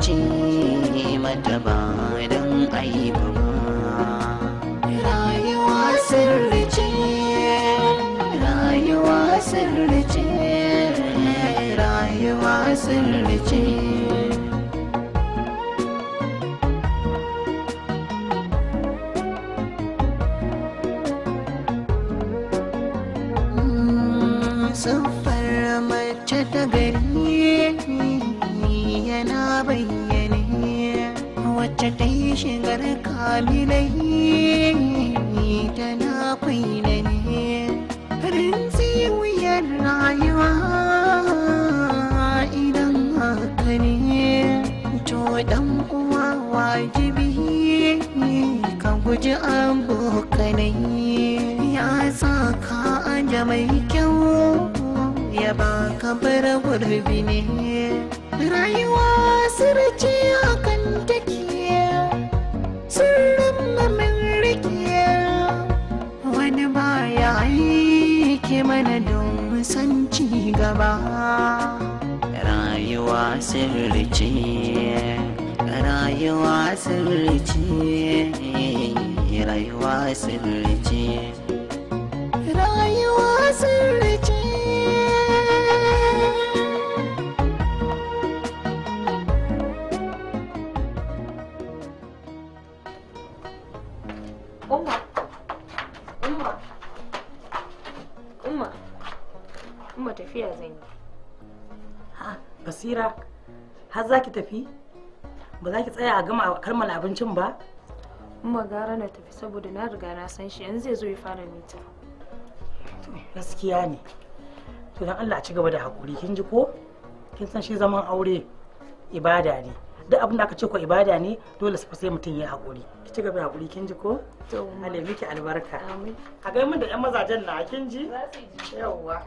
ce mata ba da shigar kamilai na kwaina ne rinzi wuyar rayuwa idan haka ne to dan uwa wajibi ka guji abokanai ya sa ka an mai kyau ya ka bar gurbi ne rayuwa sirci a ke mana don san ci gaba rayuwa sirrici, rayuwa sirrici, rayuwa sirrici. basira har za ki tafi ba za ki tsaya a gama kalmar abincin ba kuma gara na tafi saboda na riga na san shi yanzu zai zo ya fara mita gaskiya ne to dan Allah a ci gaba da hakuri kin ji ko kin san shi zaman aure ibada ne duk abin da aka ce ko ibada ne dole su sai mutum ya hakuri ki ci gaba da hakuri kin ji ko to Allah miki albarka amin a ga mun da yan mazajen na kin ji yawa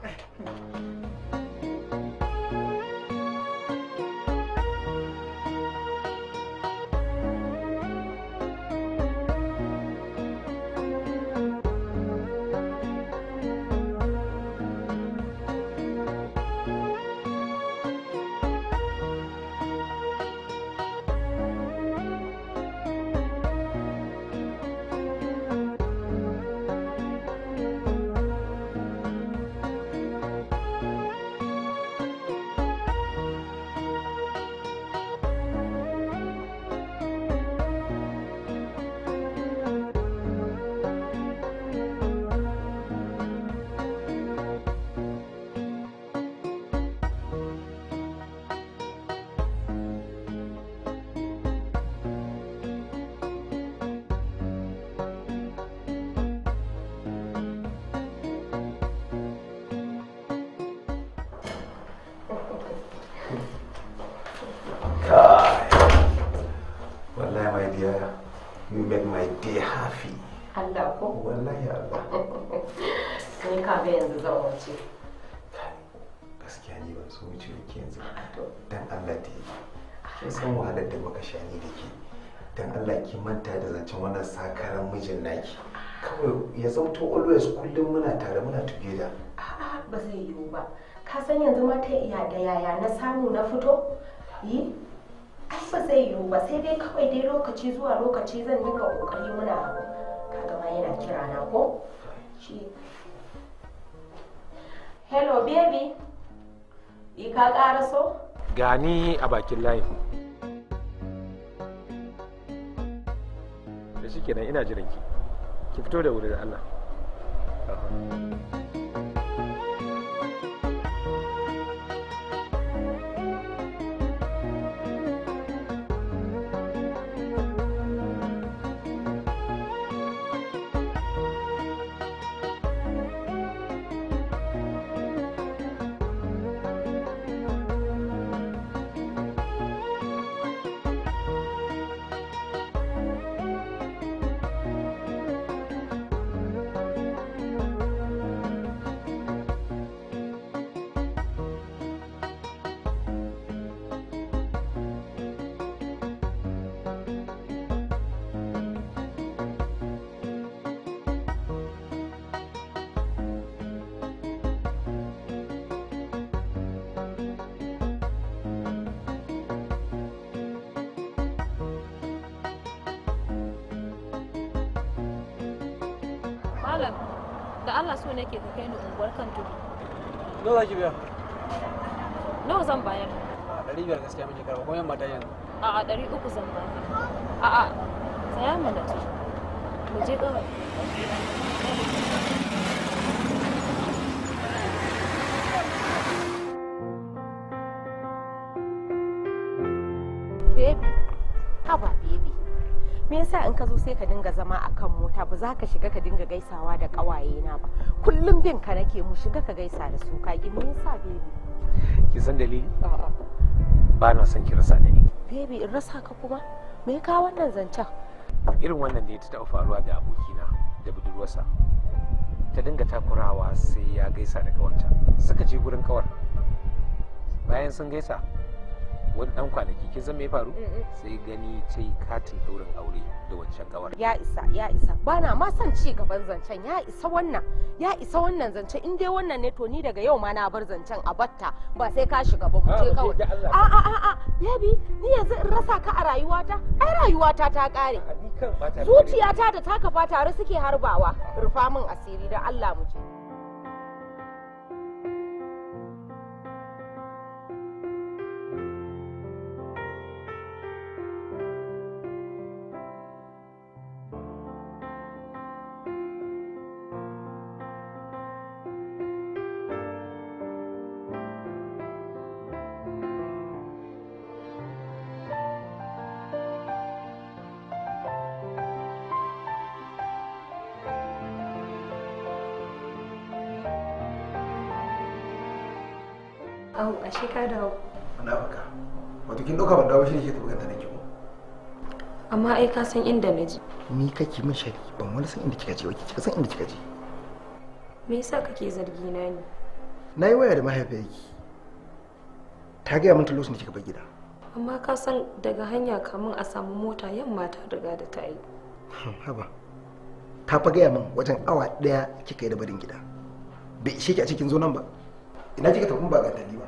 ga yanzu zan wuce gaskiya ni ban wuce ki yanzu dan Allah ta yi kin san wahalar da muka sha ni da ke dan Allah ki manta da zancen wannan sakaran mijin naki kawai ya zauto always kullum muna tare muna together a'a ba zai yiwu ba ka san yanzu mata iya da yaya na samu na fito yi ai ba zai yiwu ba sai dai kawai dai lokaci zuwa lokaci zan dinga kokari muna abu kaga ma yana kira na ko shi hello baby yi ka karaso gani a bakin layin da shi kenan ina jiran ki fito da wuri da allah malam da Allah so nake ka kai ni unguwar kan tudu nawa zaki biya nawa zan bayar a ɗari biyar gaskiya muke karba ko yamma ta yanzu a'a ɗari uku zan bayar a'a tsaya mana mu je kawai Baby, haba baby, me yasa in ka zo sai ka dinga zama ta ba za ka shiga ka dinga gaisawa da ƙawaye na ba kullum bin ka nake mu shiga ka gaisa da su ka ki me yasa baby ki san dalili ba na son ki rasa da ni baby in rasa ka kuma me ka wannan zancen irin wannan da ya taɓa faruwa da abokina da budurwarsa ta dinga takurawa sai ya gaisa da kawanta suka je gurin kawar bayan sun gaisa wani dan kwanaki kin san ya faru sai gani sai katin daurin aure da wancan kawar ya isa ya isa bana ma son ci gaban zancen ya isa wannan ya isa wannan zancen in dai wannan ne to ni daga yau ma na bar zancen a batta ba sai ka shiga ba mu ah, je kawai a a a a yabi ni yanzu in rasa ka a rayuwata ai rayuwata ta kare zuciyata da taka fa tare suke harbawa rufa min asiri dan Allah mu je ashe ka dawo na baka wato kin dauka ban dawo shi ne ke tabbata nake ko amma ai ka san inda na ji ni kake min shari ban wani san inda kika je wake kika san inda kika je me yasa kake zargi na ne na yi waya da mahaifiyarki ta gaya min lokacin da kika bar gida amma ka san daga hanya kamun a samu mota yamma ta riga da ta yi hm, haba ta fa gaya min wajen awa daya kika yi da barin gida bai ishe ki a cikin zo nan ba ina kika tafi ba ga dali ba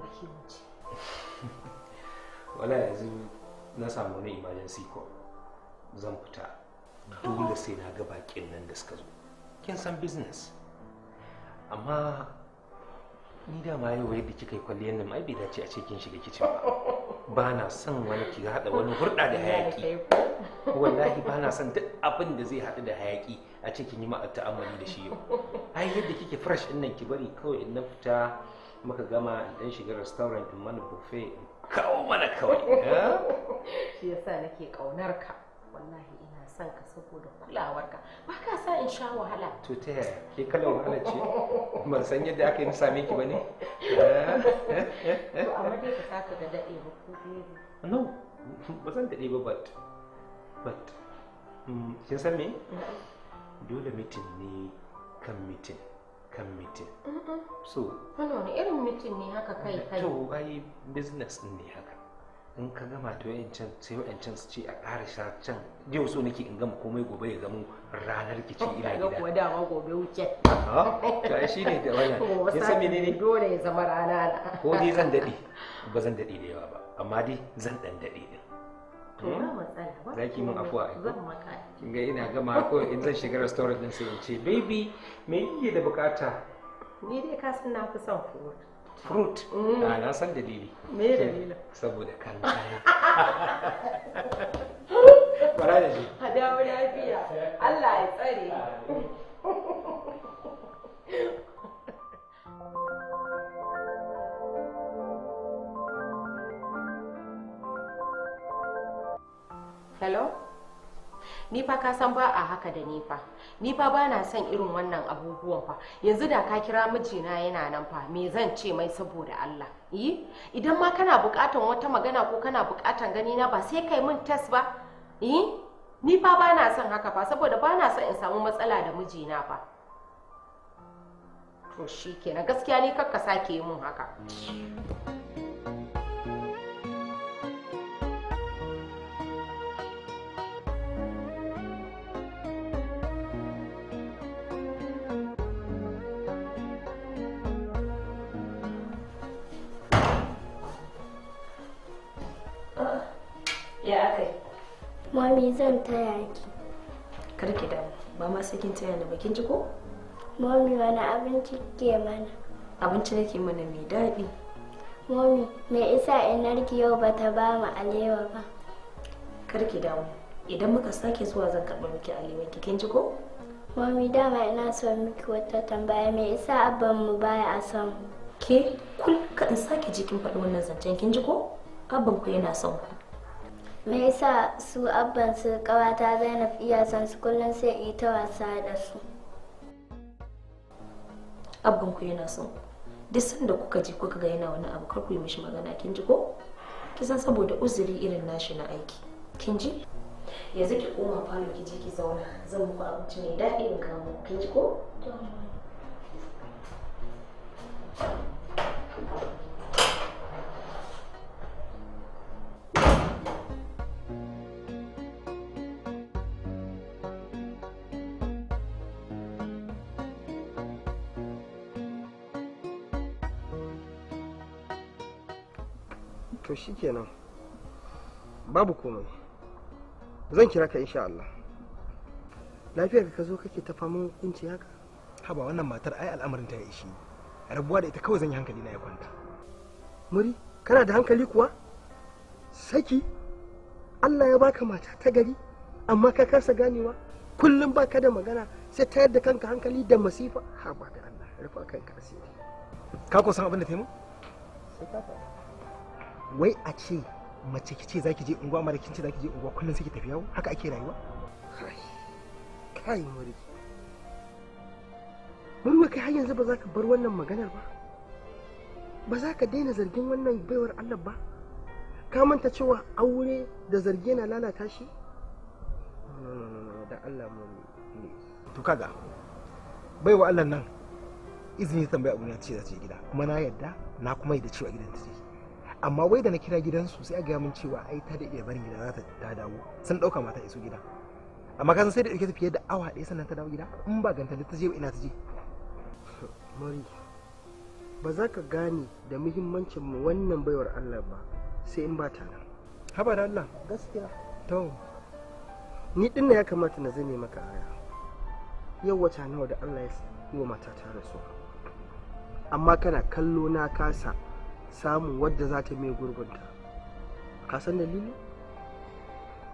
barki wala yanzu na samu wani emergency call zan fita dole sai na ga bakin nan da suka zo kin san business amma ni da ma yau yadda kika yi kwalliyar nan ai bai dace a ce kin shiga kicin ba ba na son wani ki haɗa wani hurɗa da hayaki wallahi ba na son duk abin da zai haɗu da hayaki a ce kin yi ma'a ta'amali da shi yau ai yadda kike fresh ɗin nan ki bari kawai in na fita muka gama dan shiga restaurant in mana buffet kawo mana kawai eh? shi yasa nake kaunar ka wallahi ina son ka saboda kulawar ka ba ka sa in sha wahala to ta yaya ke kalan wahala ce ban san yadda aka yi ni same ki bane eh? eh? to amma dai ka saka da dade ba ko no ba zan dade ba but but mm, kin san me dole mitin ne kan mitin kan mitin so wani wani irin mitin ne haka kai kai to ai business din ne haka in ka gama to can sai can su ce a ƙara sha can yau so nake in gama komai gobe ya gamu ranar ki ce ina gida ko da ma gobe wuce to shi ne da wannan ya san ne? dole ya zama rana ko dai zan dade ba zan dade da yawa ba amma dai zan dan dade din za ki mun afuwa a kin ga ina gama ko in zan shiga restaurant din sai in ce baby me yake da bukata ni dai ka san na fi son fruit fruit na mm. ah, na san dalili me dalilin saboda kan bara da shi a dawo lafiya Allah ya tsare hello ni fa ka san ba a haka da nifa nifa ni ba na son irin wannan abubuwan fa yanzu da ka kira mijina yana nan fa me zan ce mai saboda Allah yi idan ma kana bukatan wata magana ko kana bukatan gani na ba sai kai mun test ba yi ni fa ba na son haka fa saboda ba na son in samu matsala da mijina fa to shikenan gaskiya ni kakka sake yi mun haka mm. Mami zan taya ki. Kar ki da ba ma sai kin taya ni ba kin ji ko? Mami wani abinci ke mana. Abinci nake mana mai daɗi. Mami, me isa inarki yau ba ta ba mu alewa ba? Kar ki da idan muka sake zuwa zan karɓi miki alewa ki kin ji ko? Mami dama ina son miki wata tambaya me isa abban mu baya a son. Ke kul ka in sake jikin faɗi wannan zancen kin ji ko? Abban ku yana son ku. me yasa su abban su kawata zainab iya san su kullum sai yi ta wasa da su abban ku yana son duk sanda kuka ji kuka ga yana wani abu kar ku yi mishi magana kin ji ko ki san saboda uzuri irin nashi na aiki kin ji yanzu ki koma falo ki je ki zauna zan muku abinci mai daɗi in kawo kin ji ko shikenan babu komai zan kira ka insha Allah lafiyar ka zo kake ta faman kunci haka haba wannan matar ai al'amarin ta ya ishi rabuwa da ita kawai zan yi hankali na ya kwanta muri kana da hankali kuwa saki Allah ya baka mata ta gari amma ka kasa ganewa kullum baka da magana sai ta yarda kanka hankali da masifa haba da Allah rufa kanka asiri ka ko san abin da taimu sai ka fara wai a ce mace ki ce za ki je unguwa mara kin ce za ki je unguwa kullum sai ki tafi yau haka ake rayuwa kai muri murwa kai har yanzu ba za ka bar wannan maganar ba ba za ka daina zargin wannan baiwar Allah ba ka manta cewa aure da zargi na lalata shi da Allah mu to kaga baiwa Allah nan izini tambaya abu na ce za ta je gida kuma na yadda na kuma yi da cewa gidan ta ce. amma wai da na kira gidansu sai a gaya min cewa ai ta da iya barin gida za ta dawo sun ɗauka mata iso gida amma kasan sai da ke ta fiye da awa ɗaya sannan ta dawo gida in ba ganta ta je ina ta je mari ba za ka gane da muhimmancin mu wannan baiwar Allah ba sai in ba ta nan haba da Allah gaskiya to ni din ya kamata na zame maka aya yau wata nawa da Allah ya yi wa matata rasu? amma kana kallo na kasa samun wadda za ta mai gurgunta ka san dalili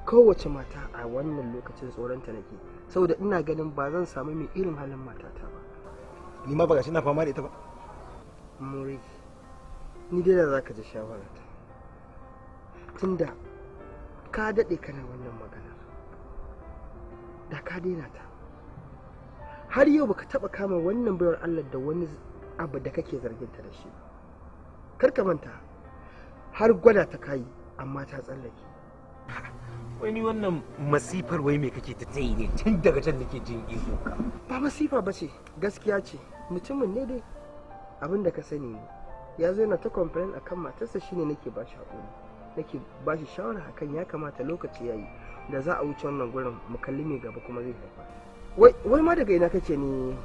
kowace mata a wannan lokacin tsoronta nake saboda ina ganin ba zan samu mai irin halin matata ba ni ma ba na fama da ita ba muri ni dai da za ka ji shawarata tunda ka daɗe kana wannan maganar da ka daina ta har yau baka taɓa kama wannan bayar allah da wani abu da kake zargin ta da shi kar ka manta har gwada ta kayi amma ta tsallake wani wannan masifar wai mai kake ta tsaye ne tun daga can nake jin ihu ba masifa ba ce gaskiya ce mutumin ne dai abin da ka sani ne ya zo yana ta complain akan matarsa shine nake ba shi nake ba shi shawara akan ya kamata lokaci yayi da za a wuce wannan gurin mu kalli mai gaba kuma zai haifa wai ma daga ina kake ne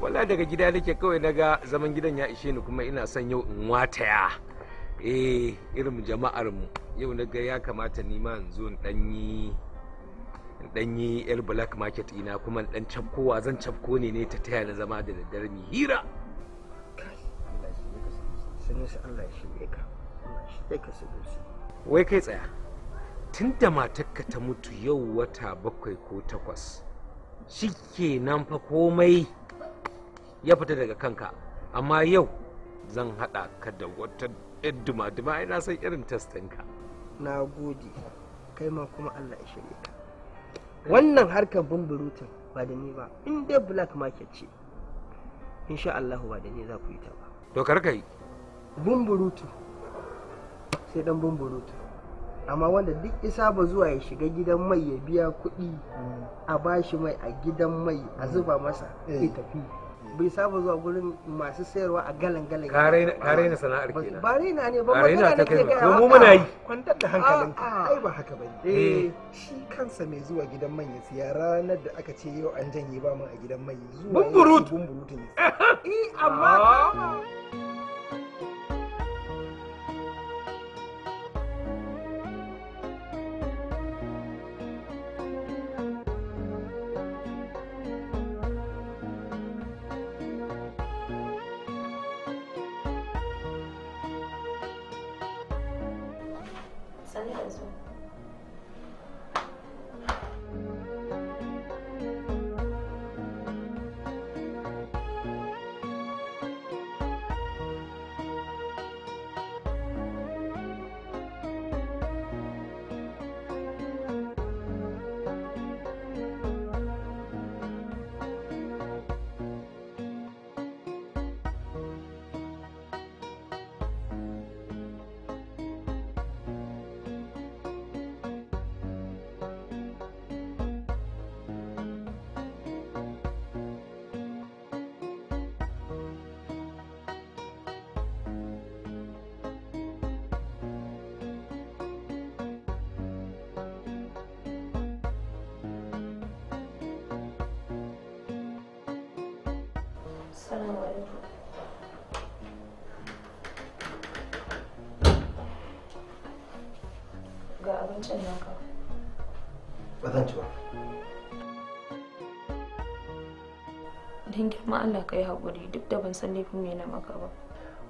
wala daga gida nake kawai na ga zaman gidan ya ishe ni kuma ina son yau in wataya eh irin jama'ar mu yau na ya kamata ni ma in zo in danyi danyi yar black market ina kuma dan cafkowa zan cafko ne ne ta taya na zama da daddare mi hira wai kai tsaya tun da matarka ta mutu yau wata bakwai ko takwas shi kenan fa komai ya fita daga kanka amma yau zan haɗa ka da wata yan duma-duma na san irin testinka na gode kai ma kuma allah ya shirya ka wannan harkar bumburutun ba da ni ba in dai black market ce insha allah ba da ni za ku yi ta ba to karka yi bumburutu sai dan bumburutu amma wanda duk isa ba zuwa ya shiga gidan mai ya biya kuɗi a bashi mai a gidan mai a zuba masa ya tafi bai saba zuwa gurin masu sayarwa a galan galan ka raina sana'ar kenan ba raina ne ba magana ne ke gaya mu muna yi kwantar da hankalinka ai ba haka bane eh shi kansa mai zuwa gidan mai ya siya ranar da aka ce yau an janye ba mu a gidan mai zuwa bumburut bumburut ne eh amma ah. Assalamu alaikum. Ga abincin naka. Ba zan ci ba. Don girma Allah ka yi haƙuri duk da ban san laifin me na maka ba.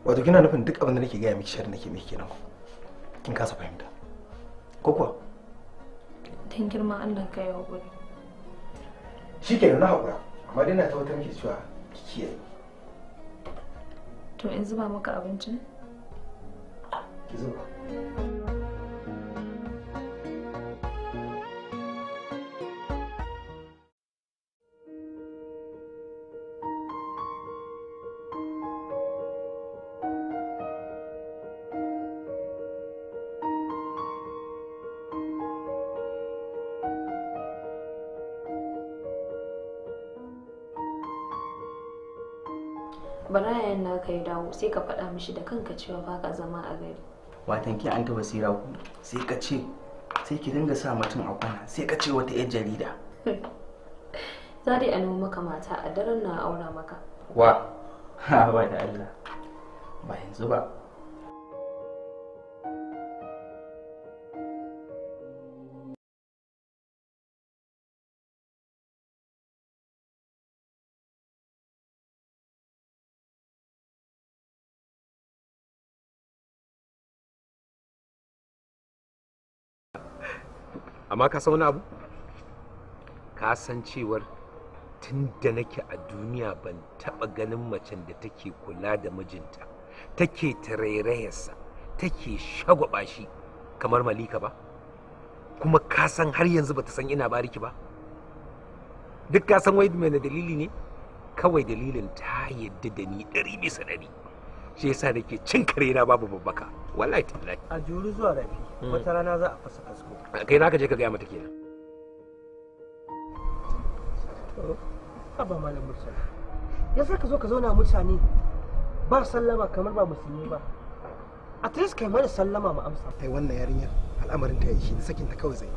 Wato kina nufin duk abin da nake gaya miki shari nake miki kenan. Kin kasa fahimta. Ko kuwa? Don girma Allah ka yi haƙuri. Shi kenan na haƙura, amma dai na tabbatar miki cewa ki kiyaye. to in zuba maka abincin ka yi dawo sai ka faɗa mishi da kanka cewa ba ka zama a gari watan ki an ta basira ku sai ka ce sai ki dinga sa mutum a kwana sai ka ce wata yar jarida za dai a noma maka mata a daren na aura maka wa ha da Allah ba yanzu ba amma ka san wani abu ka san cewar tun da nake a duniya ban taɓa ganin macen da take kula da mijinta take tarairayarsa take shagwaba shi kamar malika ba kuma ka san har yanzu bata san ina bariki ba duk ka san wai mai dalili ne kawai dalilin ta yadda da ni ɗari bisa ɗari shi yasa nake cin kare na babu babbaka wallahi tallahi a juri zuwa rafi hmm. wata rana za a fasa kasko kai zaka je ka gaya mata kenan to abba malam mutane ya sa ka zo ka zauna mutane ba sallama kamar ba musulmi ba a tilis kai mana sallama ma amsa kai wannan yarinyar al'amarin ta yi shi sakin ta kawai zai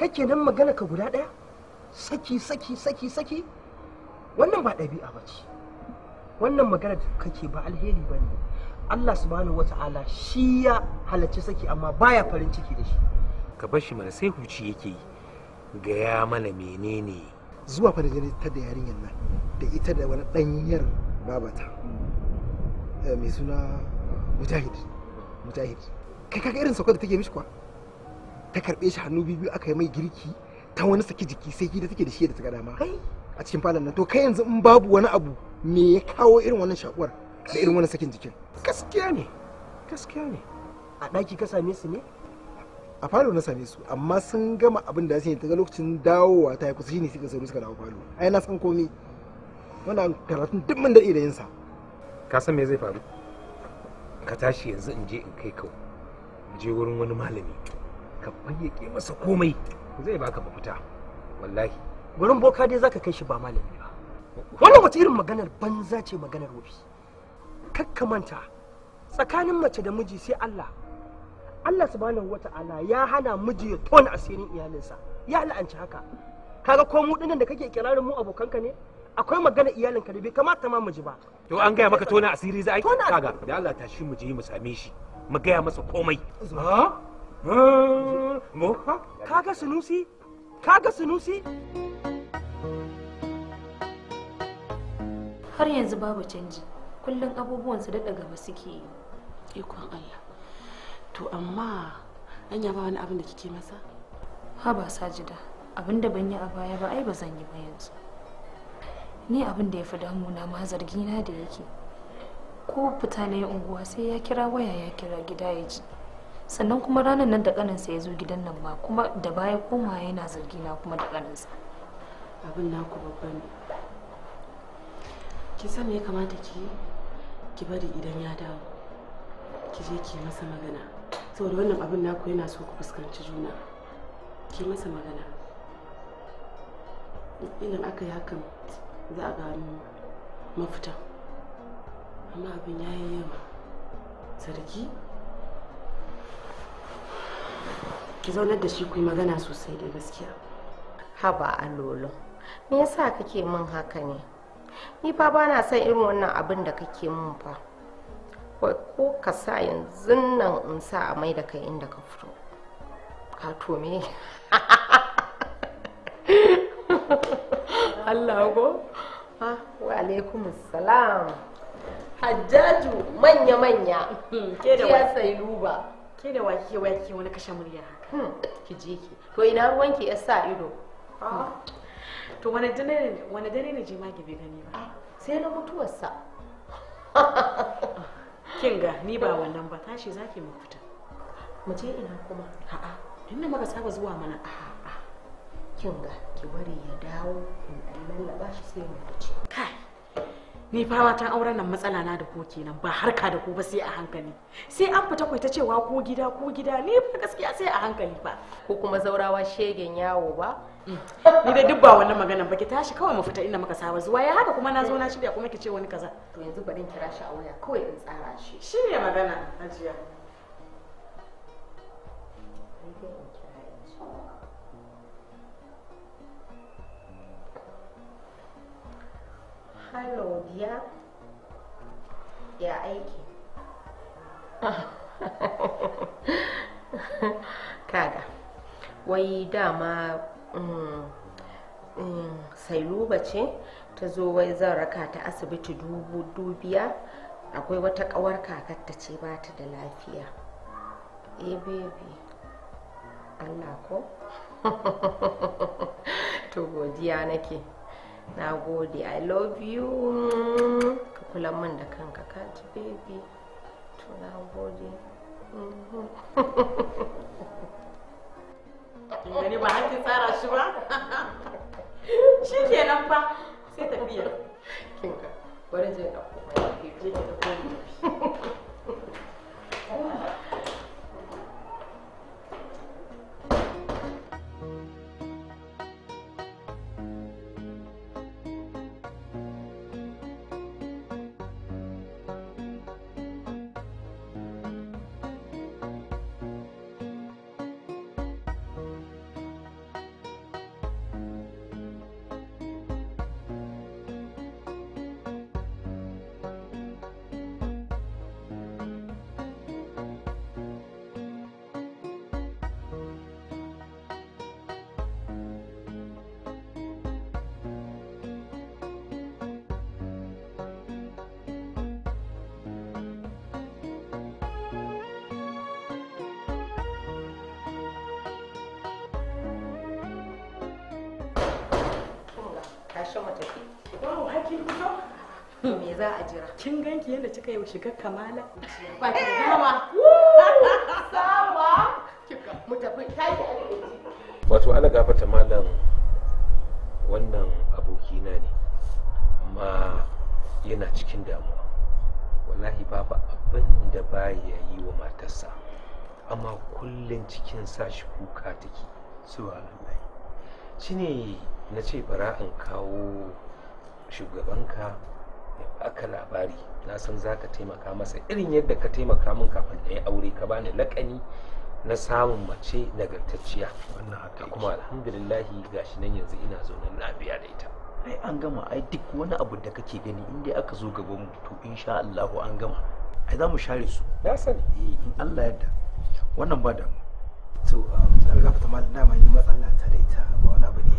kai kenan magana ka guda daya saki saki saki saki wannan ba ɗabi'a ba ce wannan magana kake ba alheri ba ne Allah subhanahu wata'ala shi ya halarci saki amma baya farin ciki da shi ka bar shi mana sai huci yake yi gaya mana menene zuwa fa da ta da yarinyar nan da ita da wani danyar babata eh, mai suna mujahid mujahid kai kaga irin saukar da take mishi kwa ta karbe shi hannu biyu aka yi mai girki ta wani saki jiki sai da take da shi da ta dama a cikin falon nan to kai yanzu in babu wani abu me ya kawo irin wannan shakuwar da irin wani sakin jikin gaskiya ne gaskiya ne a ɗaki ka same su ne a falo na same su amma sun gama abin da yi ta lokacin dawowa ta yi kusa shine suka sauri suka dawo falo ai na san komi wannan karatun duk mun da yinsa ka san me zai faru ka tashi yanzu in je in kai ka je wurin wani malami ka bayyake masa komai zai baka mafita wallahi gurin boka dai zaka kai shi ba malami ba wannan wata irin maganar banza ce maganar wofi manta tsakanin mace da miji sai Allah Allah subhanahu wata'ala ya hana miji ya tona asirin iyalinsa ya la'anci haka kaga ko mu dinnan da kake kirarin mu abokanka ne akwai magana ka da bai kamata ma miji ba to an gaya maka tona asiri za a yi kaga da Allah ta mu je mu same shi mu gaya masa komai kaga sunusi kaga sunusi har yanzu babu canji kullum abubuwan su daɗa gaba suke yi ikon allah to amma an ba wani abin da kike masa ha ba sajida abin da ban yi a baya ba ai ba zan yi ba yanzu ni abin da ya fi damuna ma zargi na da yake ko fita na yi unguwa sai ya kira waya ya kira gida ya ji sannan kuma ranar nan da kaninsa ya zo gidan nan ma kuma da baya koma yana zargi kuma da kaninsa abin naku babba ne ki sani ya kamata ki yi ki bari idan ya dawo ki je ki masa magana saboda wannan abin naku yana so ku fuskanci juna ki masa magana idan aka yi hakan za a gano mafita amma abin ya yi yawa sarki ki zaunar da shi ku yi magana sosai da gaskiya haba a lolo me yasa kake min haka ne ni fa ba na son irin wannan abin da kake mun fa ko ka sa yanzu nan in sa a mai da kai inda ka fito ka tome Allah ko ha wa alaikum assalam hajjaju manya manya hmm, ke da wa sai luba ke da wake wake wani kashe murya haka hmm. ki je ki to ina ruwanki ya sa ido ah. hmm. to wani dare ne jima bai gani ba ah, sai na mutuwarsa kinga ni ba wannan ba tashi zaki mu fita mu je ina kuma a'a inda muka saba zuwa mana a'a kinga ki bari ya dawo in dan lallaba shi sai mu fice kai ni fa watan auren nan matsala na da ko kenan ba harka da ko ba sai a hankali sai an fita kwaita cewa ko gida ko gida ni fa gaskiya sai a hankali ba ko kuma zaurawa shegen yawo ba mm. ni da duk ba wannan magana ba ki tashi kawai mu fita inda muka saba zuwa ya haka kuma na zo na shirya kuma ki ce wani kaza to yanzu bari in kira shi a waya kawai in tsara shi ne magana ajiya. biya ya aiki. Kaga, wai dama mm, mm, sailuba ce ta zo wai zan raka ta asibiti dubu dubiya akwai wata kawar kakar ta ce ba ta da lafiya. Eh baby, Allah ko? to godiya nake. na gode i love you ka kula min da kanka ka ji baby to na gode mhm. gani ba hakin tsara shi ba shi ke nan fa sai tafiya kinka bari je ɗauko mai je ki ɗauko mai tashi mu tafi wow kin fito? me za a jira kin ganki yadda kika yi shiga kamala ba ki gama sama mu tafi tashi wato ana gafarta malam wannan abokina ne amma yana cikin damuwa wallahi babu abin da ba ya yi wa matarsa amma kullum cikin sa shi kuka take su shi ne na ce bara in kawo shugabanka aka labari na san za ka taimaka masa irin yadda ka taimaka min kafin na yi aure ka bani lakani na samun mace nagartacciya kuma alhamdulillahi gashi nan yanzu ina zaune lafiya da ita ai an gama ai duk wani abu da kake gani inda aka zo gaban mu to insha Allah an gama ai za mu share su Na san eh, in Allah yadda wannan ba da to um, an ga fata malam dama yi matsala ta da ita ba wani abu ne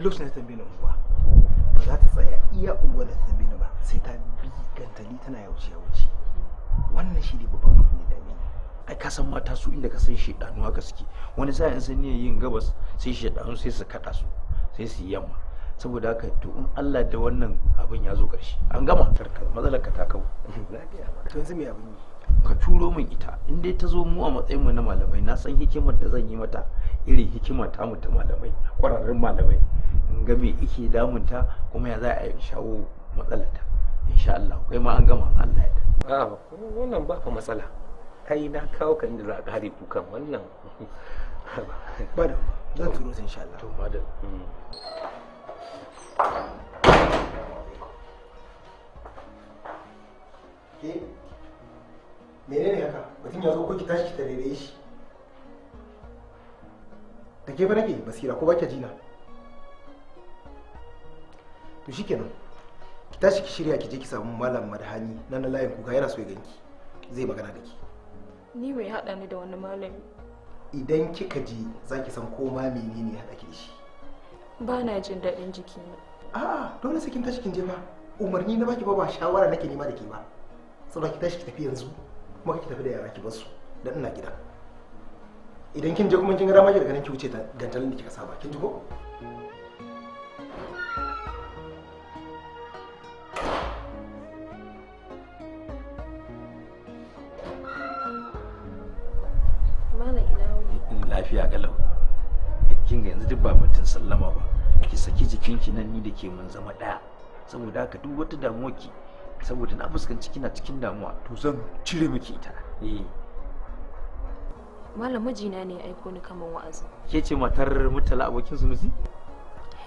lokacin da ta tambaye ba za ta tsaya iya unguwa da ta ni ba sai ta bi gantali tana ya wuce wannan shi ne babban abu ne dame ni ai ka san mata su inda ka san shedanu haka suke wani sa'in in ne yin gabas sai shedanu sai su kada su sai su yi yamma saboda haka to in Allah da wannan abin ya zo ƙarshe an gama matsalar ka ta kawo lafiya to yanzu me abin yi ka turo min ita in dai ta zo mu a matsayin mu na malamai na san hikimar da zan yi mata irin hikima ta mu ta malamai kwararrun malamai in ga me ike damunta kuma ya za a yi shawo matsalata insha Allah kai ma an gama Allah ya a ah, wannan ba fa matsala kai na kawo ka inda za ka hare kukan wannan ba da zan turo insha Allah to ba da hmm. menene haka mutum ya zo ko ki tashi ki tare da shi da ke nake basira ko baki jina to kenan ki tashi ki shirya ki je ki samu malam madhani nan na layin kuka yana so ya ganki zai magana da ki ni mai hada ni da wani malami idan kika je za ki san ma menene ya dake shi ba na jin daɗin ne. a'a dole sai kin tashi kin je ba umarni na baki ba ba shawara nake nema da ke ba saboda ki tashi ki tafi yanzu kuma ki tafi da yara ki basu dan ina gida idan kin je kuma kin ga dama daga ki wuce dantalin da kika saba kin ji ko lafiya galau eh, kin ga yanzu duk ba mutum sallama ba ki saki jikin ki nan ni da ke mun zama daya saboda haka duk wata damuwa ki saboda na fuskanci kina cikin damuwa to zan cire miki ita eh Malam mijina ne ya aiko ni kaman wa'azi. Ke ce matar Murtala abokin Sunusi?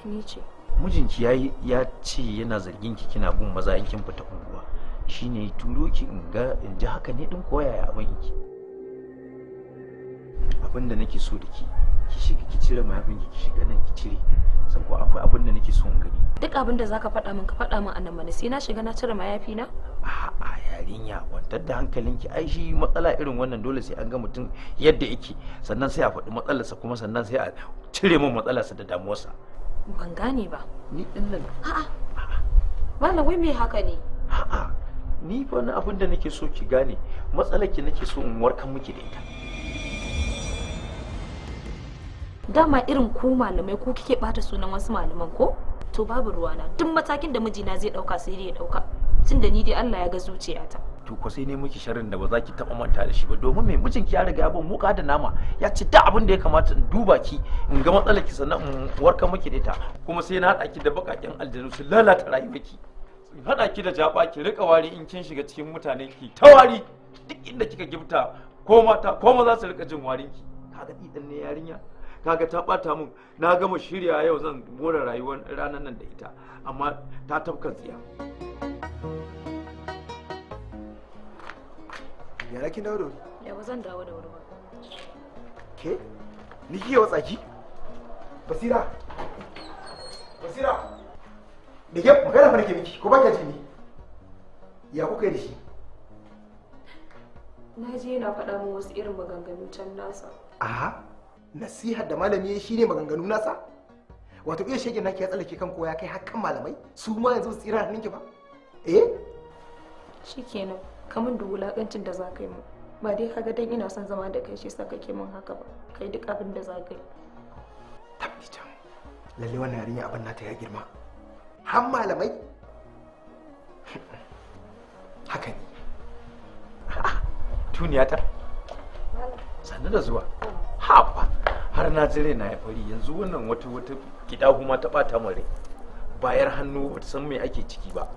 Ni ce. Mijinki ya ya ce yana zargin ki kina bin maza in kin fita unguwa. Shine turo ki in ga in ji haka ne din ko yaya abin ki Abin da nake so da ki ki shiga ki cire mayafinki ki shiga nan ki cire. sako akwai abin da nake so in gani. Duk abin da zaka faɗa min ka faɗa min a nan mana sai na shiga na cire mayafi na? a'a yarinya kwantar da hankalinki ai shi matsala irin wannan dole sai an ga mutum yadda yake sannan sai a faɗi matsalarsa kuma sannan sai a cire min matsalarsa da damuwarsa ban gane ba ni din nan a'a malam wai me haka ne a'a ni fa wani abin da nake so ki gane matsalar ki nake so in warkar miki da ita dama irin ku malamai ko kike bata sunan wasu malaman ko to babu ruwana duk matakin da mijina zai dauka sai ya dauka da ni dai Allah ya ga zuciyata to ko sai ne muke sharrin da ba za ki taba manta da shi ba domin mai ki ya riga ya muka da nama ya ci da abin da ya kamata in duba ki in ga matsalar ki sannan in warka miki da ita kuma sai na haɗa ki da baƙaƙen aljanu su lalata rayuwarki in haɗa ki da jaba ki rika wari in kin shiga cikin mutane ki ta wari duk inda kika gifta ko mata ko maza su rika jin warin ki kaga ɗan ne yarinya kaga ta ɓata min na gama shirya yau zan more rayuwar ranar nan da ita amma ta tafka tsiya Yara kin dawo da wuri? Ya ba zan dawo da wuri ba. Ke? Ni kike watsa ki? Basira. Basira. Da ke magana fa nake miki ko ba ki ji ni? Ya kuka da shi? Na je yana faɗa min wasu irin maganganun can nasa. Aha. Nasihar da malami ya shi ne maganganu nasa? Wato iya shege naki ya tsallake kan koya kai hakan malamai su ma yanzu su tsira hannunki ba? Eh? Shikenan. kamun da wulakancin da za ka yi mu ba dai kaga dan ina son zama da kai shi sa kake min haka ba kai duk abin da za ka yi tabbitan lalle wannan yarinya abin nata ya girma har malamai haka ne ta sannu da zuwa haba har na jire na ya fari yanzu wannan wata wata gida kuma ta bata mare bayar hannu ta san me ake ciki ba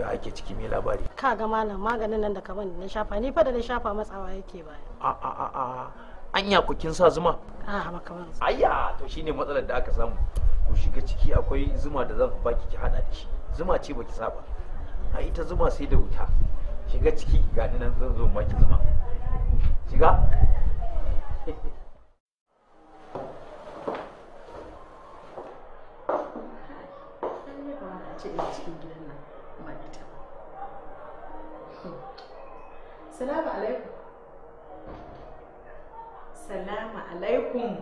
taɓewa ake ciki mai labari ka ga malam maganin nan da ka bani na shafa ni fa da na shafa matsawa yake baya a a a a ku kin sa zuma a ba kamar ayya to shine matsalar da aka samu ku shiga ciki akwai zuma da zan baki ki hada da shi zuma ce baki saba a ita zuma sai da wuta shiga ciki ga nan zan zo maki zuma shiga Salamu alaikum. Salamu alaikum.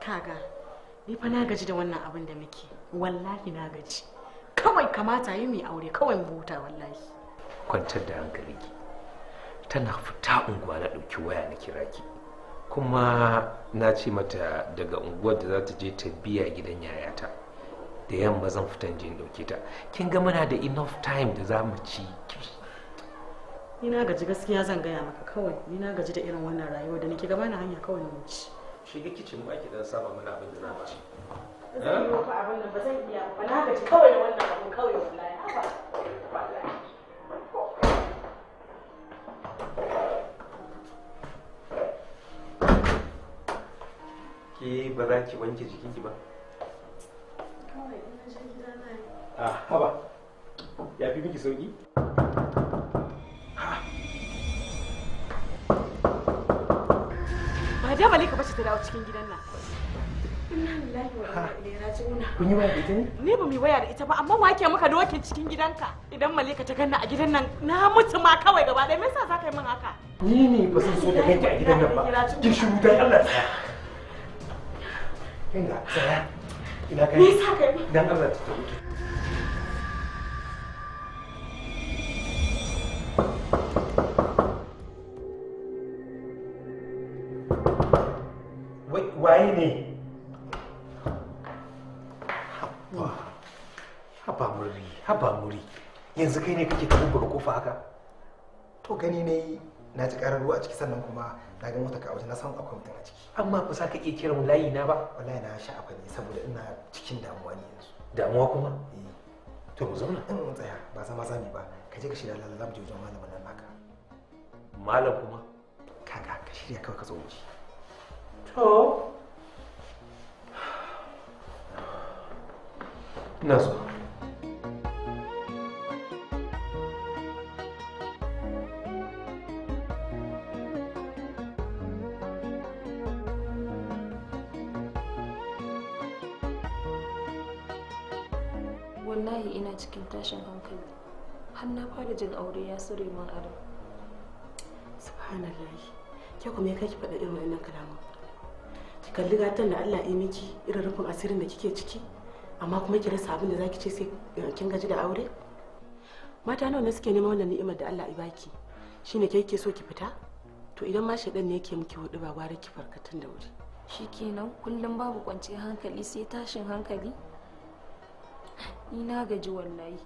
Kaga, ni fa na gaji da wannan abin da muke. Wallahi na gaji. Kawai kamata yi mai aure kawai buta wallahi. Kwantar da hankali Tana fita unguwa na ɗauki waya na kira ki. kuma na ce mata daga unguwar da za ta je ta biya gidan yayata da yamma zan fitan je ɗauke ta kin ga muna da enough time da za mu ci ni na gaji gaskiya zan gaya maka kawai ni na gaji da irin wannan rayuwa da nake gaba na hanya kawai na ci shiga kicin ba ki dan saba mana abin da za mu ci ba zan iya ba na gaji kawai wannan abin kawai wallahi haba ki eh, ba za ki wanke ki ba kawai ina je gida na yi a ah, haba ya fi miki sauki ba da malika bace ta dawo cikin gidan nan Inna lillahi wa inna ilaihi Kun yi waya da ita ne? Ni ba mu waya da ita ba amma wake muka doke cikin gidanka. Idan Malika ta ganna a gidan nan na mutu ma kawai gaba ɗaya me yasa za ka yi min haka? Ni ne ba zan so ta ganki a gidan nan ba. Ki shiru dai Allah ya Kinga, tsaya. Ina kai. Me yasa kai? Dan Allah ta mutu. Waye ne? Haba muri, muri. Yanzu kai ne kake kawo kofa haka? To gani ne na ji karar ruwa a ciki sannan kuma na ga mota ka waje na san akwai mutum a ciki amma ku saka ka iya kiran layi na ba wallahi na sha akwai ne saboda ina cikin damuwa ne yanzu damuwa kuma eh. to mu zauna in mun tsaya ba zama zami ba ka je ka shirya lalala mu je wajen malamin nan naka malam kuma kaka ka shirya kawai ka zo wuce to ina so har na fara jin aure ya sare min ado subhanallah ke kuma kai ki faɗa irin wannan kalama ki kalli gatan da Allah ya miki irin rufin asirin da kike ciki amma kuma ki rasa abin da zaki ce sai eh, kin gaji da aure mata nawa ne suke neman wannan ni'imar da Allah ya baki shine kai ke so ki fita to idan ma shaidan ne yake miki hudu ba gwara ki farkatun da wuri shikenan kullum babu kwanci hankali sai tashin hankali ina na gaji wallahi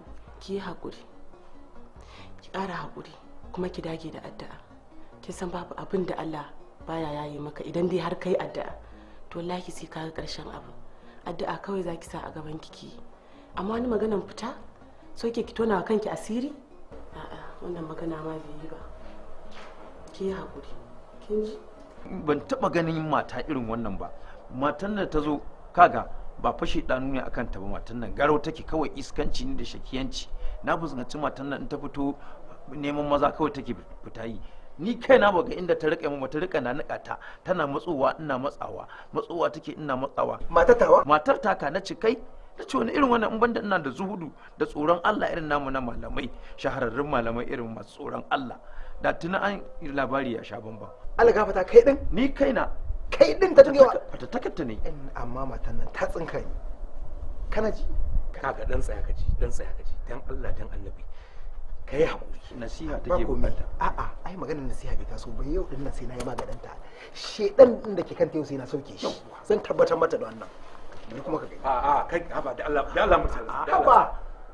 ki hakuri ki ƙara haƙuri kuma ki dage da addu'a kin san babu abin da Allah baya yayi maka idan dai har kai addu'a to wallahi sai kaga ƙarshen abu addu'a kawai zaki sa a gaban kiki amma wani maganan fita so ke ki tona kanki asiri a'a wannan magana ma bai yi ba ki haƙuri kin ji ban taba ganin mata irin wannan ba matan da ta zo kaga ba fashe ɗanu ne akan ta ba matan nan garau take kawai iskanci ne da shakiyanci na fuskanci matan nan ta fito neman maza kawai take fita yi ni na ba ga inda ta rike mu ta rika na nika ta tana matsowa ina matsawa matsowa take ina matsawa matar tawa matar ka na cikai ta ce wani irin wannan in banda ina da zuhudu da tsoron Allah irin namu na malamai shahararrun malamai irin masu tsoron Allah da tuna an labari ya sha bamba Allah gafata kai din ni kai na. kai din ta wa ta takatta ne amma matan nan ta tsinka ni kana ji kaga dan tsaya kaji dan tsaya kaji dan Allah dan annabi kai hakuri nasiha take bukata a'a ai maganar nasiha bai taso ba yau din nan sai na yi maganin ta shedan din da ke kanta yau sai na sauke shi zan tabbatar mata da wannan ni kuma ka gani a'a kai haba da Allah da Allah mutane haba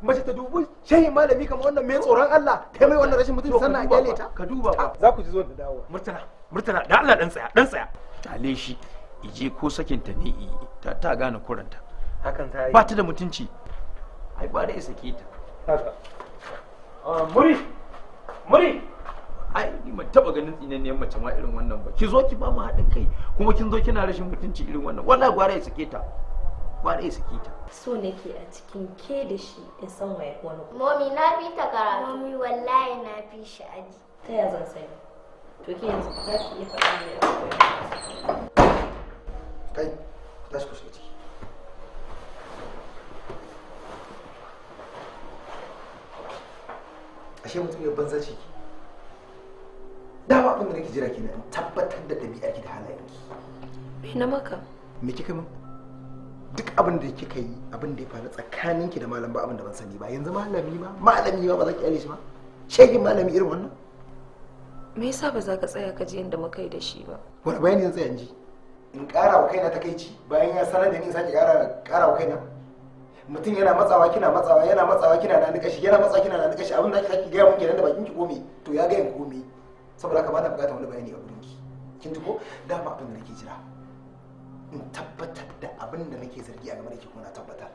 mace ta dubu shehi malami kamar wannan mai tsoron Allah kai mai wannan rashin mutunci sannan a kyale ta ka duba ba za ku ji zo da dawo murtala murtala da Allah dan tsaya dan tsaya tale shi ije ko sakin ta ne ta gane kuranta hakan ta yi ba ta da mutunci ai gware ya sake ta ah, muri muri ai ni ma taba ganin tsinaniyar mace ma irin wannan ba ki zo ki ba mu haɗin kai kuma kin zo kina rashin mutunci irin wannan wallahi gwara ya sake ta Gwara ya sake ta so nake a cikin ke da shi in san waye wani momi na fi ta karatu momi wallahi na fi shi aji ta ya zan sani to ke yanzu za ki iya faɗa ne kai tashi ku ciki ashe mutum ya banza ciki dama abin da nake jira kina tabbatar da ɗabi'ar ki da halayen ki me na maka me kika min duk abin da kika yi abin da ya faru tsakanin ki da malam ba abin da ban sani ba yanzu malami ma malami ma ba za ki yale shi ba shegin malami irin wannan me yasa ba za ka tsaya ka ji yadda muka yi da shi ba wani bayani zan tsaya in ji in ƙara wa kaina takaici bayan ya sanar da ni sake ƙara ƙara wa kaina mutum yana matsawa kina matsawa yana matsawa kina na nika shi yana matsawa kina na nika shi abin da kake gaya mun kenan da bakin ki gome to ya ga yin komai saboda haka ba na bukatar wani bayani a gurin ki kin ji ko ba abin da nake jira in tabbatar da abin da nake zargi a game da ke kuma na tabbatar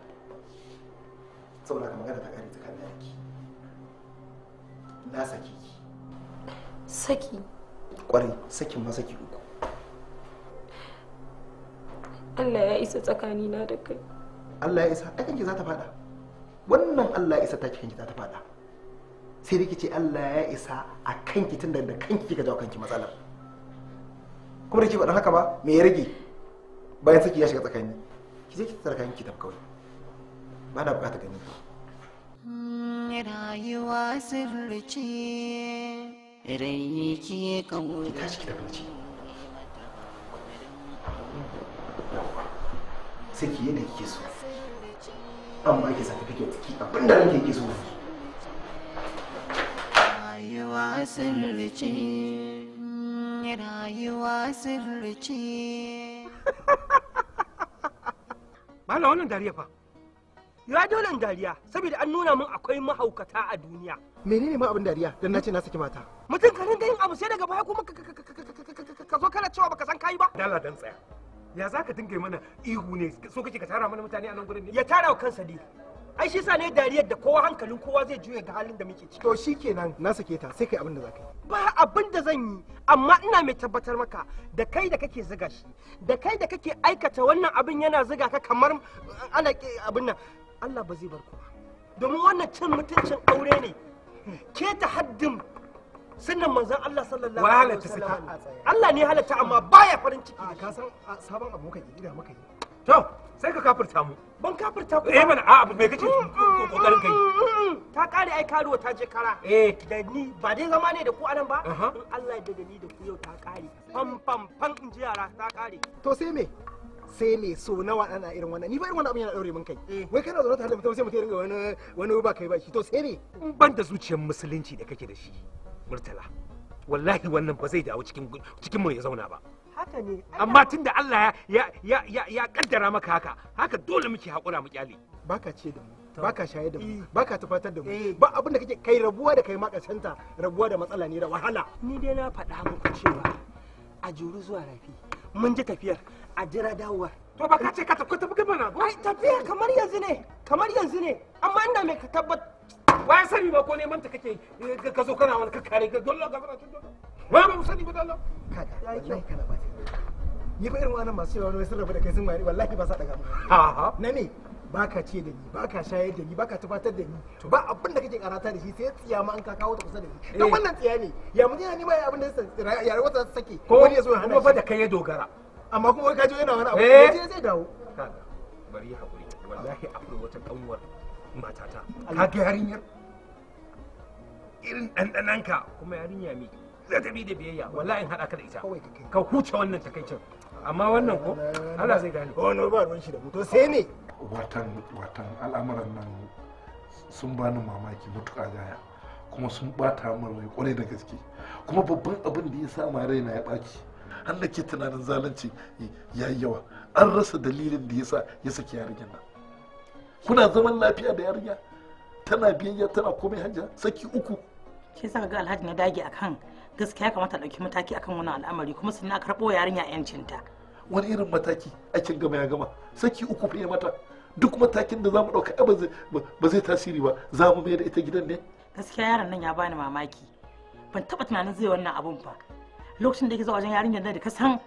saboda haka magana ta kare ta da ki na saki ki saki kwarai sakin ma saki uku Allah ya isa tsakanina da kai Allah ya isa ta kanki za ta fada wannan Allah ya isa ta kanki za ta fada sai dai kici Allah ya isa a kanki tun da kanki kika jawo kanki matsalar kuma da ki faɗin haka ba me ya rage bayan saki ya shiga tsakani ki je ki kanki ki tafi ba na bukata gani ki rayuwa sirri ce rayi ke kawo ki tashi ki tafi sai ki yi da kike so an ba ki certificate ki abin da ranke ki so rayuwa sirrice rayuwa sirrice mala wannan dariya fa ya dole dariya saboda an nuna min akwai mahaukata a duniya menene ma abin dariya dan nace na saki mata mutum ka ringa yin abu sai daga baya kuma ka zo kana cewa baka san kai ba dala dan tsaya ya za ka dinga mana ihu ne so kake ka tara mana mutane a nan gurin ne ya tara wa kansa ne ai shi sa ne dariyar da kowa hankalin kowa zai juya ga halin da muke ciki to shikenan na sake ta sai kai abin da zaka yi ba abin da zan yi amma ina mai tabbatar maka da kai da kake zuga shi da kai da kake aikata wannan abin yana ziga ka kamar eh, ana abin nan Allah ba zai bar ku domin wannan cin mutuncin aure ne ke ta haddin sunnan manzon Allah sallallahu alaihi wasallam Allah ne halatta amma baya farin ciki ka san sabon abokan gida maka yi to sai ka kafirta mu ban kafirta ku eh mana a abu mai kace mm, mm, kokarin kai mm, ta kare ai karuwa ta je kara eh da ni ba dai zama ne da ku anan ba in Allah ya da ni da ku yau ta kare Pam pam pam in ji yara ta kare to sai me sai me so nawa ana irin wannan ni ba irin wannan abin yana daure mun kai eh. wai kana zaune tare da mutum sai mutum ya ringa wani wani ba kai ba shi to sai me ban da zuciyar musulunci da kake da shi murtala wallahi wannan ba zai dawo cikin cikin mu ya zauna ba haka ne amma tunda Allah ya ya ya ya kaddara maka haka haka dole muke hakura mu kyale baka ce da mu baka shaye da mu eh. baka tufatar da mu eh. ba abin da kake kai rabuwa da kai ma kasanta rabuwa da matsala ne da wahala ni dai na faɗa muku cewa a juru zuwa rafi mun ji tafiyar a jira dawowar to ba ka ce ka tafi ka tafi mana ba ai tafiya kamar yanzu ne kamar yanzu ne amma ina mai ka tabbata wai sani ba ko neman ta kake ka zo kana wani ga dole ga fara ba mu sani ba dole kada yayi kyau kana ba ni ba irin wannan masu yawa sun rabu da kai sun mari wallahi ba sa daga mu a na ne ka ce da ni ka shayar da ni baka tufatar da ni ba abin da kake karata da shi sai tsiya ma an ka kawo ta kusa da ni eh. don wannan tsiya ne ya mun yana nima abin da ya rawata ta sake ko wani ya zo ya hana fa da kai ya dogara amma kuma wai ka je yana wani abu ne eh. zai dawo bari hakuri wallahi akwai wata kanwar matata ka ga yarinyar irin ɗanɗananka kuma yarinya mai ladabi da biyayya wallahi in haɗa ka da ita ka huce wannan takaicin amma wannan ko Allah zai gane wani oh, ba ruwan shi da mutu sai ne watan watan al'amuran nan sun bani mamaki mutuƙa gaya kuma sun bata min rai kwarai da gaske kuma babban abin da ya sa ma raina ya ɓaci har ke tunanin zalunci yi yawa an rasa dalilin da ya sa ya saki yarinyar nan kuna zaman lafiya da yarinya tana biyayya tana komai hajja saki uku shi yasa ga alhaji na dage akan gaskiya ya kamata ɗauki mataki akan wannan al'amari kuma sun na karɓo yarinya yancinta wani irin mataki aikin gama ya gama saki uku fiye mata duk matakin da zamu ɗauka ba zai tasiri ba za mu mai da ita gidan ne gaskiya yaron nan ya bani mamaki ban taɓa tunanin zai wannan abun ba lokacin da yake zuwa wajen yarinyar da ka san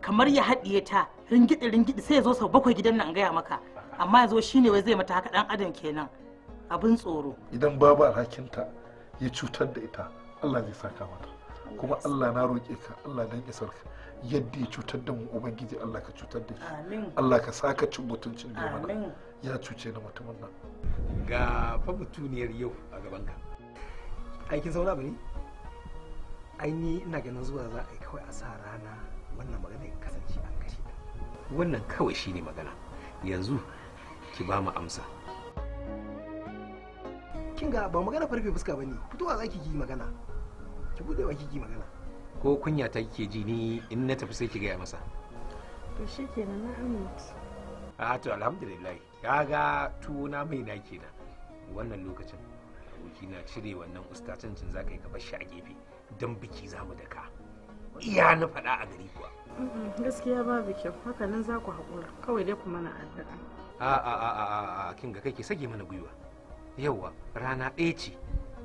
kamar ya haɗiye ta ringidi ringidi sai ya zo sau bakwai gidan nan gaya maka amma shi ne wai zai mata haka dan adam kenan abin tsoro idan babu alhakinta ya cutar da ita Allah zai saka mata kuma Allah na roƙe ka Allah dan isar ka yadda ya cutar da mu ubangiji Allah ka cutar da shi Allah ka saka cin mutuncin da mana ya cuce na mutumin nan ga fa mutuniyar yau a gaban ka aikin sauna bane ai ni ina ganin zuwa za a yi kawai a sa rana wannan magana ya kasance an kashe wannan kawai shine magana yanzu ki ba mu amsa kin ga ba magana farfe fuska bane fitowa zaki ki magana ki bude wa ki magana ko kunya ta kike ji ni in na tafi sai ki gaya masa to shikenan na amince a ah, to alhamdulillah tuwo na mai na kenan wannan lokacin aboki na cire wannan ustacancin za ka yi gaba shi a gefe don biki za mu daka iya na faɗa a gari kuwa gaskiya babu kyau hakanan za ku haƙura kawai dai ku mana addu'a a a a a kin ga kake sage mana gwiwa yawa rana ɗaya ce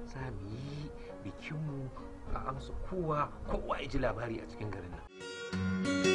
za mu yi bikinmu a amsa kowa kowa ya ji labari a cikin garin nan